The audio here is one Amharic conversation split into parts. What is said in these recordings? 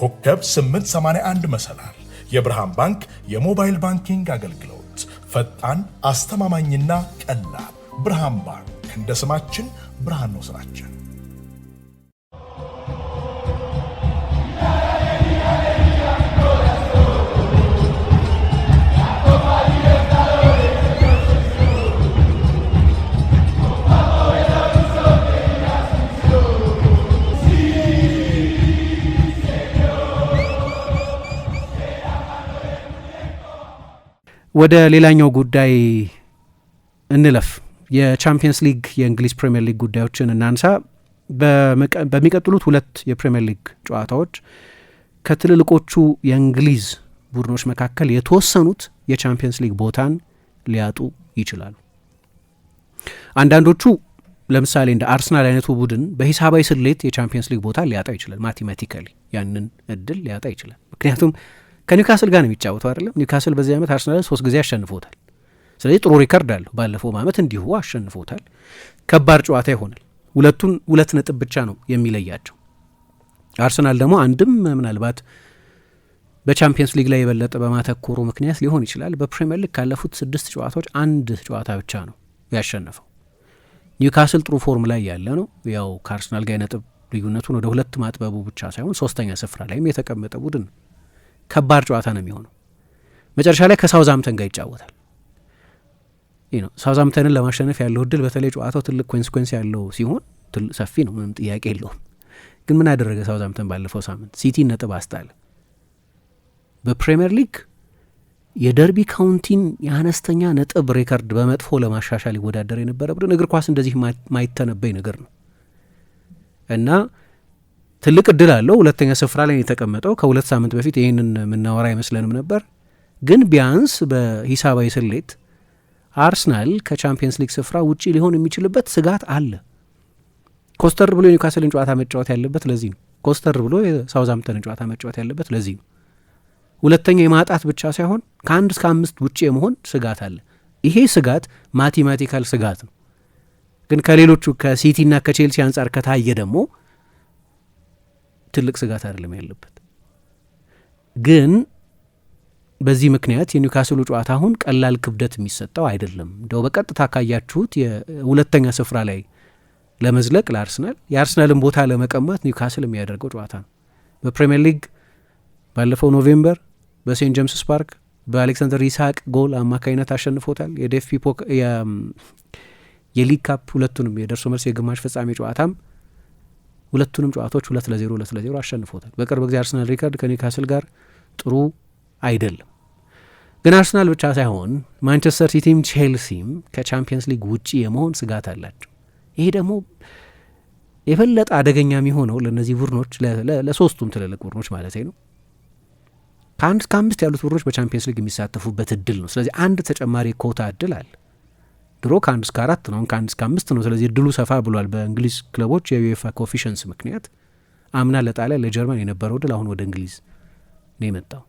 ኮከብ 881 መሰላል የብርሃን ባንክ የሞባይል ባንኪንግ አገልግሎት ፈጣን፣ አስተማማኝና ቀላል። ብርሃን ባንክ እንደ ስማችን ብርሃን ነው ስራችን። ወደ ሌላኛው ጉዳይ እንለፍ። የቻምፒየንስ ሊግ የእንግሊዝ ፕሪምየር ሊግ ጉዳዮችን እናንሳ። በሚቀጥሉት ሁለት የፕሪምየር ሊግ ጨዋታዎች ከትልልቆቹ የእንግሊዝ ቡድኖች መካከል የተወሰኑት የቻምፒየንስ ሊግ ቦታን ሊያጡ ይችላሉ። አንዳንዶቹ ለምሳሌ እንደ አርሰናል አይነቱ ቡድን በሂሳባዊ ስሌት የቻምፒየንስ ሊግ ቦታ ሊያጣ ይችላል። ማቴማቲካሊ ያንን እድል ሊያጣ ይችላል። ምክንያቱም ከኒውካስል ጋር ነው የሚጫወተው አይደለም። ኒውካስል በዚህ ዓመት አርሰናል ሶስት ጊዜ አሸንፎታል። ስለዚህ ጥሩ ሪከርድ አለው። ባለፈው ዓመት እንዲሁ አሸንፎታል። ከባድ ጨዋታ ይሆናል። ሁለቱን ሁለት ነጥብ ብቻ ነው የሚለያቸው። አርሰናል ደግሞ አንድም ምናልባት በቻምፒየንስ ሊግ ላይ የበለጠ በማተኮሩ ምክንያት ሊሆን ይችላል። በፕሪምየር ሊግ ካለፉት ስድስት ጨዋታዎች አንድ ጨዋታ ብቻ ነው ያሸነፈው። ኒውካስል ጥሩ ፎርም ላይ ያለ ነው። ያው ከአርሰናል ጋር የነጥብ ልዩነቱን ወደ ሁለት ማጥበቡ ብቻ ሳይሆን ሶስተኛ ስፍራ ላይም የተቀመጠ ቡድን ነው። ከባድ ጨዋታ ነው የሚሆነው። መጨረሻ ላይ ከሳውዛምተን ጋር ይጫወታል። ሳውዛምተንን ለማሸነፍ ያለው እድል በተለይ ጨዋታው ትልቅ ኮንስኮንስ ያለው ሲሆን ሰፊ ነው፣ ምንም ጥያቄ የለውም። ግን ምን ያደረገ ሳውዛምተን ባለፈው ሳምንት ሲቲን ነጥብ አስጣለ። በፕሪምየር ሊግ የደርቢ ካውንቲን የአነስተኛ ነጥብ ሬከርድ በመጥፎ ለማሻሻል ይወዳደር የነበረ ቡድን እግር ኳስ እንደዚህ ማይተነበይ ነገር ነው እና ትልቅ እድል አለው። ሁለተኛ ስፍራ ላይ የተቀመጠው ከሁለት ሳምንት በፊት ይህንን የምናወራ አይመስለንም ነበር፣ ግን ቢያንስ በሂሳባዊ ስሌት አርሰናል ከቻምፒየንስ ሊግ ስፍራ ውጪ ሊሆን የሚችልበት ስጋት አለ። ኮስተር ብሎ የኒውካስልን ጨዋታ መጫወት ያለበት ለዚህ ነው። ኮስተር ብሎ የሳውዛምተንን ጨዋታ መጫወት ያለበት ለዚህ ነው። ሁለተኛ የማጣት ብቻ ሳይሆን ከአንድ እስከ አምስት ውጭ የመሆን ስጋት አለ። ይሄ ስጋት ማቴማቲካል ስጋት ነው፣ ግን ከሌሎቹ ከሲቲና ከቼልሲ አንጻር ከታየ ደግሞ ትልቅ ስጋት አይደለም ያለበት። ግን በዚህ ምክንያት የኒውካስሉ ጨዋታ አሁን ቀላል ክብደት የሚሰጠው አይደለም። እንደው በቀጥታ ካያችሁት የሁለተኛ ስፍራ ላይ ለመዝለቅ ለአርስናል የአርስናልን ቦታ ለመቀማት ኒውካስል የሚያደርገው ጨዋታ ነው። በፕሪምየር ሊግ ባለፈው ኖቬምበር በሴንት ጀምስስ ፓርክ በአሌክሳንደር ይስሐቅ ጎል አማካኝነት አሸንፎታል። የዴፍ የሊግ ካፕ ሁለቱንም የደርሶ መልስ የግማሽ ፍጻሜ ጨዋታም ሁለቱንም ጨዋታዎች ሁለት ለዜሮ ሁለት ለዜሮ አሸንፎታል። በቅርብ ጊዜ አርሰናል ሪከርድ ከኒውካስል ጋር ጥሩ አይደለም። ግን አርሰናል ብቻ ሳይሆን ማንቸስተር ሲቲም ቼልሲም ከቻምፒየንስ ሊግ ውጪ የመሆን ስጋት አላቸው። ይሄ ደግሞ የበለጠ አደገኛ የሚሆነው ለእነዚህ ቡድኖች ለሶስቱም ትልልቅ ቡድኖች ማለት ነው ከአንድ እስከ አምስት ያሉት ቡድኖች በቻምፒየንስ ሊግ የሚሳተፉበት እድል ነው። ስለዚህ አንድ ተጨማሪ ኮታ እድል አለ። ድሮ ከአንድ እስከ አራት ነው፣ አሁን ከአንድ እስከ አምስት ነው። ስለዚህ እድሉ ሰፋ ብሏል። በእንግሊዝ ክለቦች የዩኤፋ ኮፊሽንስ ምክንያት አምና ለጣሊያ ለጀርመን የነበረው ድል አሁን ወደ እንግሊዝ ነው የመጣው።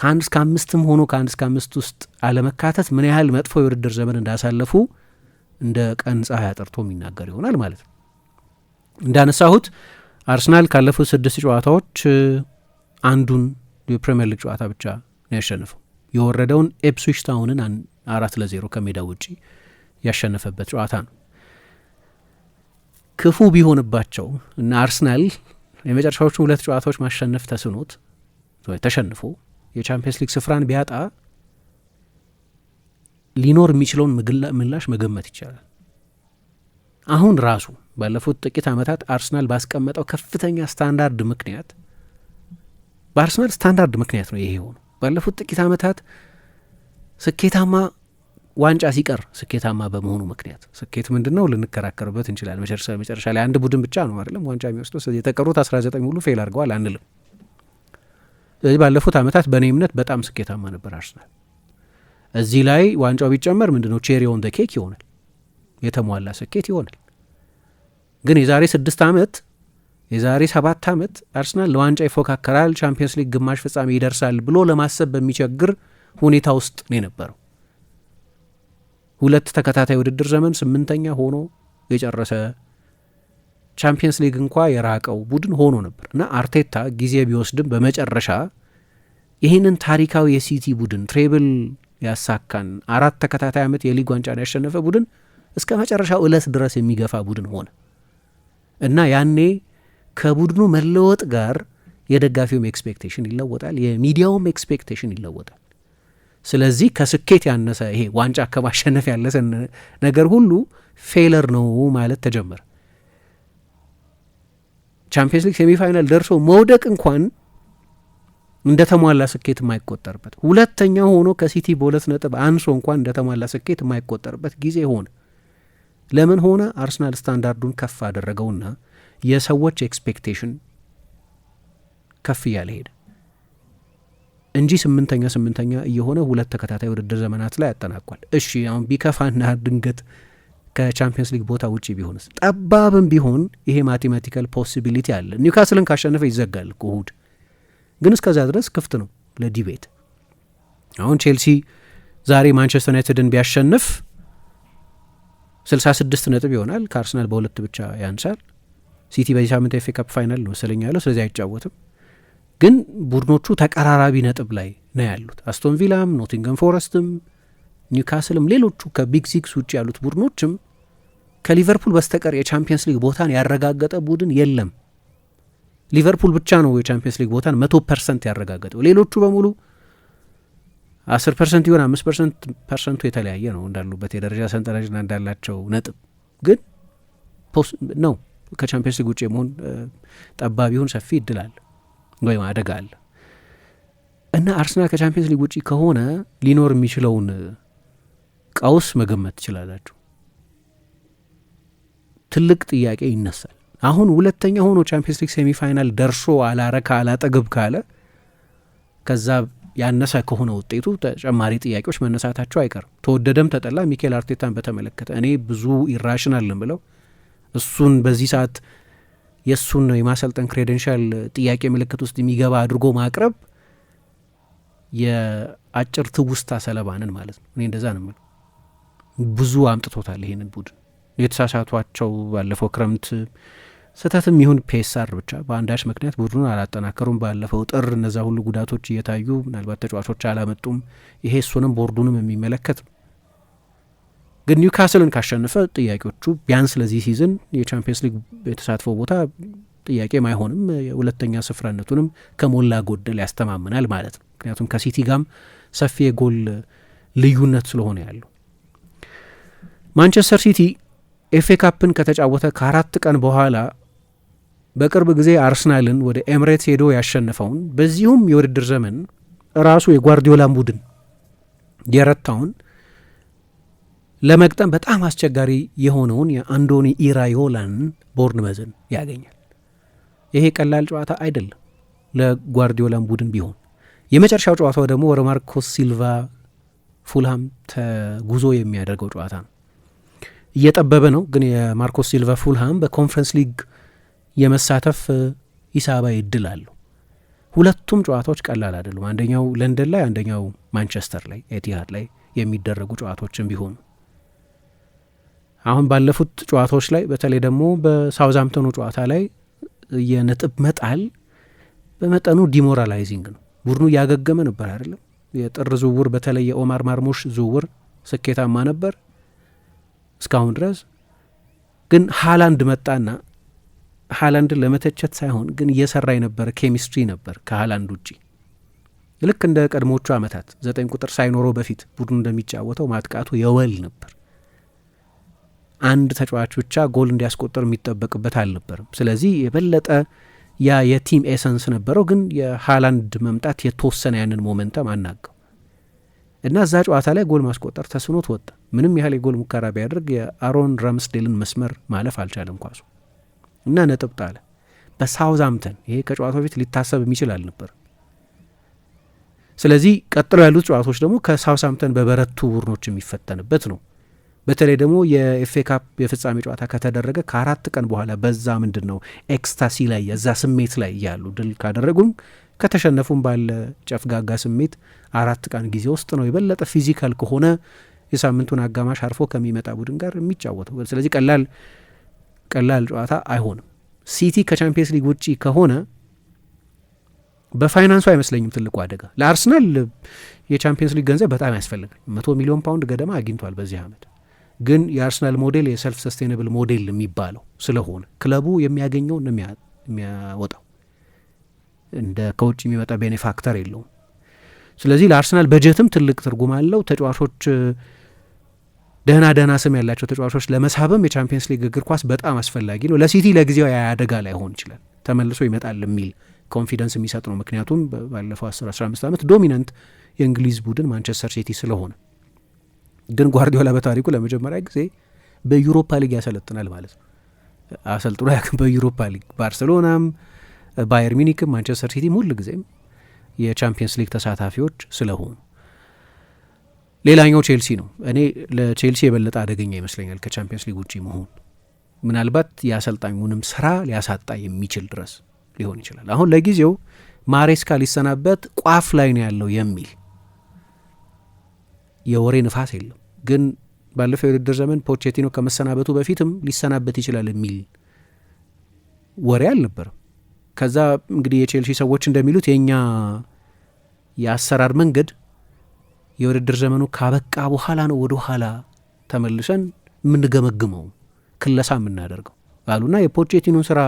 ከአንድ እስከ አምስትም ሆኖ ከአንድ እስከ አምስት ውስጥ አለመካተት ምን ያህል መጥፎ የውድድር ዘመን እንዳሳለፉ እንደ ቀን ፀሐይ አጠርቶ የሚናገር ይሆናል ማለት ነው። እንዳነሳሁት አርሰናል ካለፉት ስድስት ጨዋታዎች አንዱን የፕሪምየር ሊግ ጨዋታ ብቻ ነው ያሸንፈው የወረደውን ኤፕስዊች ታውንን አራት ለዜሮ ከሜዳ ውጪ ያሸነፈበት ጨዋታ ነው። ክፉ ቢሆንባቸው እና አርሰናል የመጨረሻዎቹ ሁለት ጨዋታዎች ማሸነፍ ተስኖት ተሸንፎ የቻምፒየንስ ሊግ ስፍራን ቢያጣ ሊኖር የሚችለውን ምላሽ መገመት ይቻላል። አሁን ራሱ ባለፉት ጥቂት ዓመታት አርሰናል ባስቀመጠው ከፍተኛ ስታንዳርድ ምክንያት በአርሰናል ስታንዳርድ ምክንያት ነው ይሄ የሆነው። ባለፉት ጥቂት ዓመታት ስኬታማ ዋንጫ ሲቀር ስኬታማ በመሆኑ ምክንያት ስኬት ምንድን ነው ልንከራከርበት እንችላለን። መጨረሻ መጨረሻ ላይ አንድ ቡድን ብቻ ነው አይደለም ዋንጫ የሚወስደው። ስለዚህ የተቀሩት አስራ ዘጠኝ ሙሉ ፌል አድርገዋል አንልም። ስለዚህ ባለፉት ዓመታት በእኔ እምነት በጣም ስኬታማ ነበር አርሰናል። እዚህ ላይ ዋንጫው ቢጨመር ምንድን ነው ቼሪ ኦን ዘ ኬክ ይሆናል፣ የተሟላ ስኬት ይሆናል። ግን የዛሬ ስድስት ዓመት የዛሬ ሰባት ዓመት አርሰናል ለዋንጫ ይፎካከራል፣ ቻምፒየንስ ሊግ ግማሽ ፍጻሜ ይደርሳል ብሎ ለማሰብ በሚቸግር ሁኔታ ውስጥ ነው የነበረው። ሁለት ተከታታይ ውድድር ዘመን ስምንተኛ ሆኖ የጨረሰ ቻምፒየንስ ሊግ እንኳ የራቀው ቡድን ሆኖ ነበር እና አርቴታ ጊዜ ቢወስድም በመጨረሻ ይህንን ታሪካዊ የሲቲ ቡድን ትሬብል ያሳካን አራት ተከታታይ ዓመት የሊግ ዋንጫን ያሸነፈ ቡድን እስከ መጨረሻው እለት ድረስ የሚገፋ ቡድን ሆነ እና ያኔ ከቡድኑ መለወጥ ጋር የደጋፊውም ኤክስፔክቴሽን ይለወጣል፣ የሚዲያውም ኤክስፔክቴሽን ይለወጣል። ስለዚህ ከስኬት ያነሰ ይሄ ዋንጫ ከማሸነፍ ያነሰ ነገር ሁሉ ፌለር ነው ማለት ተጀመረ። ቻምፒየንስ ሊግ ሴሚፋይናል ደርሶ መውደቅ እንኳን እንደተሟላ ስኬት የማይቆጠርበት ሁለተኛ ሆኖ ከሲቲ በሁለት ነጥብ አንሶ እንኳን እንደተሟላ ስኬት የማይቆጠርበት ጊዜ ሆነ። ለምን ሆነ? አርሰናል ስታንዳርዱን ከፍ አደረገውና የሰዎች ኤክስፔክቴሽን ከፍ እያለ ሄደ። እንጂ ስምንተኛ ስምንተኛ እየሆነ ሁለት ተከታታይ ውድድር ዘመናት ላይ ያጠናቋል። እሺ አሁን ቢከፋና ድንገት ከቻምፒየንስ ሊግ ቦታ ውጭ ቢሆንስ? ጠባብም ቢሆን ይሄ ማቴማቲካል ፖሲቢሊቲ አለ። ኒውካስልን ካሸነፈ ይዘጋል እሁድ፣ ግን እስከዛ ድረስ ክፍት ነው ለዲቤት። አሁን ቼልሲ ዛሬ ማንቸስተር ዩናይትድን ቢያሸንፍ 66 ነጥብ ይሆናል። ከአርሰናል በሁለት ብቻ ያንሳል። ሲቲ በዚህ ሳምንት ኤፍ ካፕ ፋይናል ነው መሰለኝ ያለው፣ ስለዚህ አይጫወትም። ግን ቡድኖቹ ተቀራራቢ ነጥብ ላይ ነው ያሉት። አስቶን ቪላም፣ ኖቲንገም ፎረስትም፣ ኒውካስልም ሌሎቹ ከቢግ ሲክስ ውጭ ያሉት ቡድኖችም ከሊቨርፑል በስተቀር የቻምፒየንስ ሊግ ቦታን ያረጋገጠ ቡድን የለም። ሊቨርፑል ብቻ ነው የቻምፒየንስ ሊግ ቦታን መቶ ፐርሰንት ያረጋገጠው። ሌሎቹ በሙሉ አስር ፐርሰንት ይሆን አምስት ፐርሰንት ፐርሰንቱ የተለያየ ነው እንዳሉበት የደረጃ ሰንጠረዥና እንዳላቸው ነጥብ ግን ነው ከቻምፒየንስ ሊግ ውጭ የመሆን ጠባብ ሰፊ ይድላል። ወይም አደጋ አለ እና አርሰናል ከቻምፒየንስ ሊግ ውጪ ከሆነ ሊኖር የሚችለውን ቀውስ መገመት ትችላላችሁ። ትልቅ ጥያቄ ይነሳል። አሁን ሁለተኛ ሆኖ ቻምፒየንስ ሊግ ሴሚፋይናል ደርሶ አላረካ አላጠግብ ካለ ከዛ ያነሰ ከሆነ ውጤቱ ተጨማሪ ጥያቄዎች መነሳታቸው አይቀርም። ተወደደም ተጠላ ሚኬል አርቴታን በተመለከተ እኔ ብዙ ኢራሽናል ብለው እሱን በዚህ ሰዓት የእሱን የማሰልጠን ክሬደንሻል ጥያቄ ምልክት ውስጥ የሚገባ አድርጎ ማቅረብ የአጭር ትውስታ ሰለባንን ማለት ነው። እኔ እንደዛ ነው የምለው። ብዙ አምጥቶታል ይሄንን ቡድን የተሳሳቷቸው ባለፈው ክረምት ስህተትም ይሁን ፔሳር ብቻ በአንዳች ምክንያት ቡድኑን አላጠናከሩም። ባለፈው ጥር እነዛ ሁሉ ጉዳቶች እየታዩ ምናልባት ተጫዋቾች አላመጡም። ይሄ እሱንም ቦርዱንም የሚመለከት ነው። ግን ኒውካስልን ካሸነፈ ጥያቄዎቹ ቢያንስ ለዚህ ሲዝን የቻምፒየንስ ሊግ የተሳትፎ ቦታ ጥያቄም አይሆንም። የሁለተኛ ስፍራነቱንም ከሞላ ጎደል ያስተማምናል ማለት ነው። ምክንያቱም ከሲቲ ጋም ሰፊ የጎል ልዩነት ስለሆነ ያለው ማንቸስተር ሲቲ ኤፌ ካፕን ከተጫወተ ከአራት ቀን በኋላ በቅርብ ጊዜ አርሰናልን ወደ ኤምሬት ሄዶ ያሸነፈውን በዚሁም የውድድር ዘመን ራሱ የጓርዲዮላን ቡድን የረታውን ለመግጠም በጣም አስቸጋሪ የሆነውን የአንዶኒ ኢራዮላን ቦርንመዝን ያገኛል። ይሄ ቀላል ጨዋታ አይደለም ለጓርዲዮላን ቡድን ቢሆን። የመጨረሻው ጨዋታው ደግሞ ወደ ማርኮስ ሲልቫ ፉልሃም ተጉዞ የሚያደርገው ጨዋታ ነው። እየጠበበ ነው፣ ግን የማርኮስ ሲልቫ ፉልሃም በኮንፈረንስ ሊግ የመሳተፍ ሂሳባዊ እድል አለው። ሁለቱም ጨዋታዎች ቀላል አይደሉም። አንደኛው ለንደን ላይ፣ አንደኛው ማንቸስተር ላይ ኤቲሃድ ላይ የሚደረጉ ጨዋታዎችም ቢሆኑ አሁን ባለፉት ጨዋታዎች ላይ በተለይ ደግሞ በሳውዛምፕተኑ ጨዋታ ላይ የነጥብ መጣል በመጠኑ ዲሞራላይዚንግ ነው። ቡድኑ እያገገመ ነበር አይደለም። የጥር ዝውውር በተለይ የኦማር ማርሞሽ ዝውውር ስኬታማ ነበር እስካሁን ድረስ። ግን ሀላንድ መጣና ሀላንድን ለመተቸት ሳይሆን ግን እየሰራ የነበረ ኬሚስትሪ ነበር ከሀላንድ ውጪ ልክ እንደ ቀድሞቹ ዓመታት ዘጠኝ ቁጥር ሳይኖረው በፊት ቡድኑ እንደሚጫወተው ማጥቃቱ የወል ነበር። አንድ ተጫዋች ብቻ ጎል እንዲያስቆጠር የሚጠበቅበት አልነበርም። ስለዚህ የበለጠ ያ የቲም ኤሰንስ ነበረው። ግን የሃላንድ መምጣት የተወሰነ ያንን ሞመንተም አናገው እና እዛ ጨዋታ ላይ ጎል ማስቆጠር ተስኖት ወጣ። ምንም ያህል የጎል ሙከራ ቢያደርግ የአሮን ራምስዴልን መስመር ማለፍ አልቻለም ኳሱ እና ነጥብ ጣለ በሳውዝሃምተን። ይሄ ከጨዋታ በፊት ሊታሰብ የሚችል አልነበር። ስለዚህ ቀጥሎ ያሉት ጨዋታዎች ደግሞ ከሳውዝሃምተን በበረቱ ቡድኖች የሚፈተንበት ነው። በተለይ ደግሞ የኤፌ ካፕ የፍጻሜ ጨዋታ ከተደረገ ከአራት ቀን በኋላ በዛ ምንድን ነው ኤክስታሲ ላይ የዛ ስሜት ላይ እያሉ ድል ካደረጉም ከተሸነፉም ባለ ጨፍጋጋ ስሜት አራት ቀን ጊዜ ውስጥ ነው የበለጠ ፊዚካል ከሆነ የሳምንቱን አጋማሽ አርፎ ከሚመጣ ቡድን ጋር የሚጫወተው። ስለዚህ ቀላል ቀላል ጨዋታ አይሆንም። ሲቲ ከቻምፒየንስ ሊግ ውጪ ከሆነ በፋይናንሱ አይመስለኝም ትልቁ አደጋ። ለአርሰናል የቻምፒየንስ ሊግ ገንዘብ በጣም ያስፈልጋል። መቶ ሚሊዮን ፓውንድ ገደማ አግኝቷል በዚህ አመት። ግን የአርሰናል ሞዴል የሰልፍ ሰስቴነብል ሞዴል የሚባለው ስለሆነ ክለቡ የሚያገኘው የሚያወጣው እንደ ከውጭ የሚመጣ ቤኔፋክተር የለውም። ስለዚህ ለአርሰናል በጀትም ትልቅ ትርጉም አለው። ተጫዋቾች ደህና ደህና ስም ያላቸው ተጫዋቾች ለመሳብም የቻምፒየንስ ሊግ እግር ኳስ በጣም አስፈላጊ ነው። ለሲቲ ለጊዜው ያደጋ ላይሆን ይችላል፣ ተመልሶ ይመጣል የሚል ኮንፊደንስ የሚሰጥ ነው። ምክንያቱም ባለፈው 10 15 ዓመት ዶሚናንት የእንግሊዝ ቡድን ማንቸስተር ሲቲ ስለሆነ ግን ጓርዲዮላ በታሪኩ ለመጀመሪያ ጊዜ በዩሮፓ ሊግ ያሰለጥናል ማለት ነው። አሰልጥኖ ያክም በዩሮፓ ሊግ ባርሴሎናም፣ ባየር ሚኒክም፣ ማንቸስተር ሲቲም ሁል ጊዜም የቻምፒየንስ ሊግ ተሳታፊዎች ስለሆኑ ሌላኛው ቼልሲ ነው። እኔ ለቼልሲ የበለጠ አደገኛ ይመስለኛል ከቻምፒየንስ ሊግ ውጪ መሆን ምናልባት የአሰልጣኙንም ስራ ሊያሳጣ የሚችል ድረስ ሊሆን ይችላል። አሁን ለጊዜው ማሬስካ ሊሰናበት ቋፍ ላይ ነው ያለው የሚል የወሬ ንፋስ የለም። ግን ባለፈው የውድድር ዘመን ፖቼቲኖ ከመሰናበቱ በፊትም ሊሰናበት ይችላል የሚል ወሬ አልነበረም። ከዛ እንግዲህ የቼልሲ ሰዎች እንደሚሉት የእኛ የአሰራር መንገድ የውድድር ዘመኑ ካበቃ በኋላ ነው ወደ ኋላ ተመልሰን የምንገመግመው ክለሳ የምናደርገው አሉና የፖቼቲኖን ስራ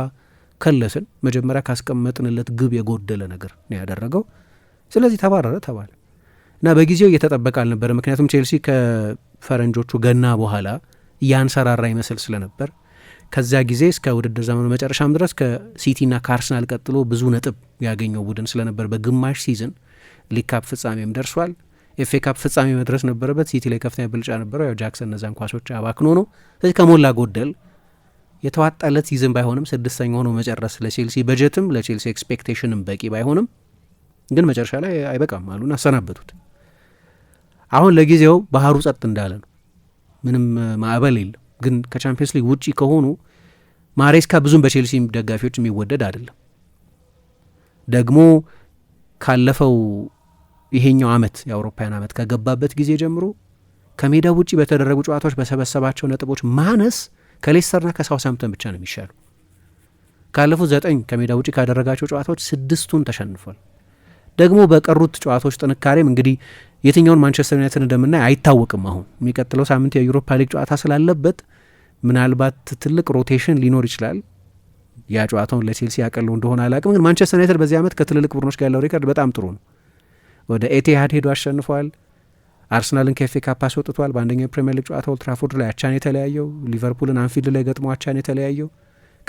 ከለስን። መጀመሪያ ካስቀመጥንለት ግብ የጎደለ ነገር ነው ያደረገው። ስለዚህ ተባረረ ተባለ። እና በጊዜው እየተጠበቀ አልነበረ። ምክንያቱም ቼልሲ ከፈረንጆቹ ገና በኋላ እያንሰራራ ይመስል ስለነበር ከዚያ ጊዜ እስከ ውድድር ዘመኑ መጨረሻም ድረስ ከሲቲና ከአርሰናል ቀጥሎ ብዙ ነጥብ ያገኘው ቡድን ስለነበር በግማሽ ሲዝን ሊግ ካፕ ፍጻሜም ደርሷል። ኤፍ ኤ ካፕ ፍጻሜ መድረስ ነበረበት። ሲቲ ላይ ከፍተኛ ብልጫ ነበረው። ያው ጃክሰን እነዛን ኳሶች አባክኖ ነው። ስለዚህ ከሞላ ጎደል የተዋጣለት ሲዝን ባይሆንም ስድስተኛ ሆኖ መጨረስ ለቼልሲ በጀትም ለቼልሲ ኤክስፔክቴሽንም በቂ ባይሆንም ግን መጨረሻ ላይ አይበቃም አሉን አሰናበቱት። አሁን ለጊዜው ባህሩ ጸጥ እንዳለ ነው። ምንም ማዕበል የለም። ግን ከቻምፒየንስ ሊግ ውጪ ከሆኑ ማሬስካ ብዙም በቼልሲ ደጋፊዎች የሚወደድ አይደለም። ደግሞ ካለፈው ይሄኛው አመት የአውሮፓውያን አመት ከገባበት ጊዜ ጀምሮ ከሜዳ ውጪ በተደረጉ ጨዋታዎች በሰበሰባቸው ነጥቦች ማነስ ከሌስተርና ከሳውሳምተን ብቻ ነው የሚሻሉ። ካለፉት ዘጠኝ ከሜዳ ውጪ ካደረጋቸው ጨዋታዎች ስድስቱን ተሸንፏል። ደግሞ በቀሩት ጨዋታዎች ጥንካሬም እንግዲህ የትኛውን ማንቸስተር ዩናይትድ እንደምናይ አይታወቅም። አሁን የሚቀጥለው ሳምንት የዩሮፓ ሊግ ጨዋታ ስላለበት ምናልባት ትልቅ ሮቴሽን ሊኖር ይችላል። ያ ጨዋታውን ለቼልሲ ያቀለው እንደሆነ አላቅም። ግን ማንቸስተር ዩናይትድ በዚህ ዓመት ከትልልቅ ቡድኖች ጋር ያለው ሪከርድ በጣም ጥሩ ነው። ወደ ኤቲሃድ ሄዶ አሸንፏል። አርሰናልን ከፌ ኤ ካፕ አስወጥቷል። በአንደኛው የፕሪምየር ሊግ ጨዋታ ኦልትራፎርድ ላይ አቻን የተለያየው፣ ሊቨርፑልን አንፊልድ ላይ ገጥሞ አቻን የተለያየው።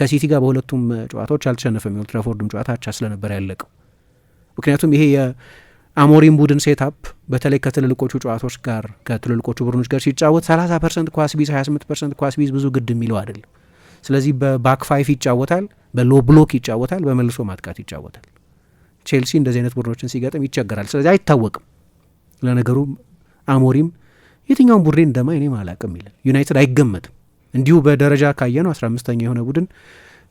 ከሲቲ ጋር በሁለቱም ጨዋታዎች አልተሸነፈም። የኦልትራፎርድም ጨዋታ አቻ ስለነበር ያለቀው ምክንያቱም ይሄ የአሞሪም ቡድን ሴታፕ በተለይ ከትልልቆቹ ጨዋታዎች ጋር ከትልልቆቹ ቡድኖች ጋር ሲጫወት 30 ፐርሰንት ኳስ ቢዝ 28 ፐርሰንት ኳስ ቢዝ ብዙ ግድ የሚለው አይደለም። ስለዚህ በባክ ፋይፍ ይጫወታል፣ በሎ ብሎክ ይጫወታል፣ በመልሶ ማጥቃት ይጫወታል። ቼልሲ እንደዚህ አይነት ቡድኖችን ሲገጥም ይቸገራል። ስለዚህ አይታወቅም። ለነገሩ አሞሪም የትኛውን ቡድን እንደማ እኔም አላቅም ይላል። ዩናይትድ አይገመትም። እንዲሁ በደረጃ ካየ ነው 15ኛ የሆነ ቡድን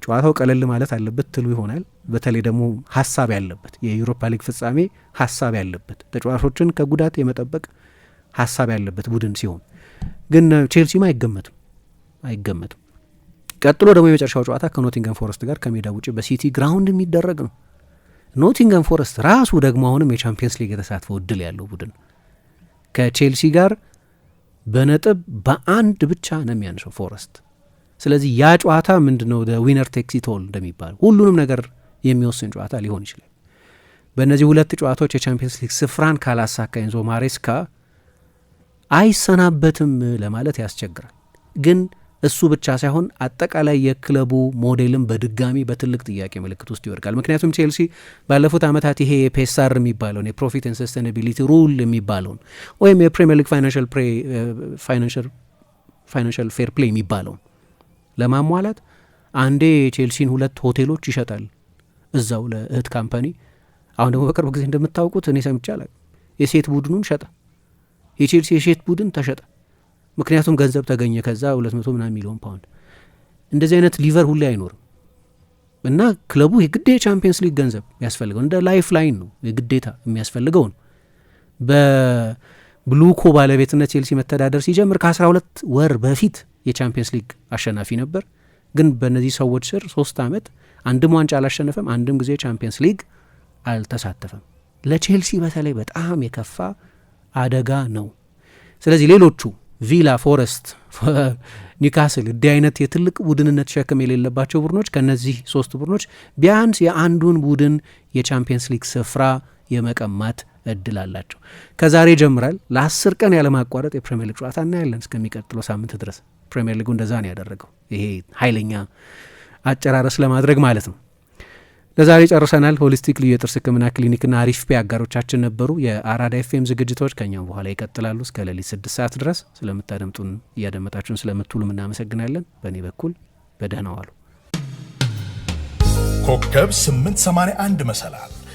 ጨዋታው ቀለል ማለት አለበት ትሉ ይሆናል። በተለይ ደግሞ ሀሳብ ያለበት የዩሮፓ ሊግ ፍጻሜ ሀሳብ ያለበት ተጫዋቾችን ከጉዳት የመጠበቅ ሀሳብ ያለበት ቡድን ሲሆን ግን ቼልሲም አይገመትም አይገመትም። ቀጥሎ ደግሞ የመጨረሻው ጨዋታ ከኖቲንገም ፎረስት ጋር ከሜዳ ውጭ በሲቲ ግራውንድ የሚደረግ ነው። ኖቲንገም ፎረስት ራሱ ደግሞ አሁንም የቻምፒየንስ ሊግ የተሳትፎ እድል ያለው ቡድን ከቼልሲ ጋር በነጥብ በአንድ ብቻ ነው የሚያንሰው ፎረስት ስለዚህ ያ ጨዋታ ምንድነው ዊነር ቴክሲቶል እንደሚባል ሁሉንም ነገር የሚወስን ጨዋታ ሊሆን ይችላል። በእነዚህ ሁለት ጨዋታዎች የቻምፒየንስ ሊግ ስፍራን ካላሳካ ኤንዞ ማሬስካ አይሰናበትም ለማለት ያስቸግራል። ግን እሱ ብቻ ሳይሆን አጠቃላይ የክለቡ ሞዴልም በድጋሚ በትልቅ ጥያቄ ምልክት ውስጥ ይወድቃል። ምክንያቱም ቼልሲ ባለፉት ዓመታት ይሄ የፔሳር የሚባለውን የፕሮፊት ኤንድ ሰስቴናቢሊቲ ሩል የሚባለውን ወይም የፕሪሚየር ሊግ ፋይናንሽል ፌር ፕሌይ የሚባለውን ለማሟላት አንዴ ቼልሲን ሁለት ሆቴሎች ይሸጣል እዛው ለእህት ካምፓኒ። አሁን ደግሞ በቅርብ ጊዜ እንደምታውቁት እኔ ሰምቼ የሴት ቡድኑን ሸጠ። የቼልሲ የሴት ቡድን ተሸጠ፣ ምክንያቱም ገንዘብ ተገኘ። ከዛ ሁለት መቶ ምናምን ሚሊዮን ፓውንድ። እንደዚህ አይነት ሊቨር ሁሌ አይኖርም እና ክለቡ የግዴ የቻምፒየንስ ሊግ ገንዘብ የሚያስፈልገው እንደ ላይፍ ላይን ነው የግዴታ የሚያስፈልገው ነው። ብሉኮ ባለቤትነት ቼልሲ መተዳደር ሲጀምር ከ ሁለት ወር በፊት የቻምፒየንስ ሊግ አሸናፊ ነበር። ግን በእነዚህ ሰዎች ስር ሶስት ዓመት አንድም ዋንጫ አላሸነፈም፣ አንድም ጊዜ ቻምፒየንስ ሊግ አልተሳተፈም። ለቼልሲ በተለይ በጣም የከፋ አደጋ ነው። ስለዚህ ሌሎቹ ቪላ፣ ፎረስት፣ ኒውካስል እንዲህ አይነት የትልቅ ቡድንነት ሸክም የሌለባቸው ቡድኖች ከእነዚህ ሶስት ቡድኖች ቢያንስ የአንዱን ቡድን የቻምፒየንስ ሊግ ስፍራ የመቀማት እድል አላቸው። ከዛሬ ጀምራል ለአስር ቀን ያለማቋረጥ የፕሪምየር ሊግ ጨዋታ እናያለን እስከሚቀጥለው ሳምንት ድረስ። ፕሪምየር ሊጉ እንደዛ ነው ያደረገው፣ ይሄ ኃይለኛ አጨራረስ ለማድረግ ማለት ነው። ለዛሬ ጨርሰናል። ሆሊስቲክ ልዩ የጥርስ ሕክምና ክሊኒክና አሪፍ ፔ አጋሮቻችን ነበሩ። የአራዳ ኤፍኤም ዝግጅቶች ከኛም በኋላ ይቀጥላሉ እስከ ሌሊት ስድስት ሰዓት ድረስ። ስለምታደምጡን እያደመጣችሁን ስለምትውሉም እናመሰግናለን። በእኔ በኩል በደህና ዋሉ። ኮከብ 881 መሰላል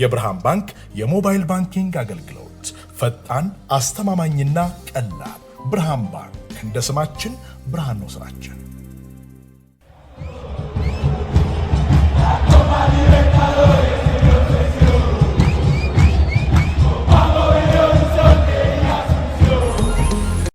የብርሃን ባንክ የሞባይል ባንኪንግ አገልግሎት ፈጣን፣ አስተማማኝና ቀላል። ብርሃን ባንክ እንደ ስማችን ብርሃን ነው ስራችን።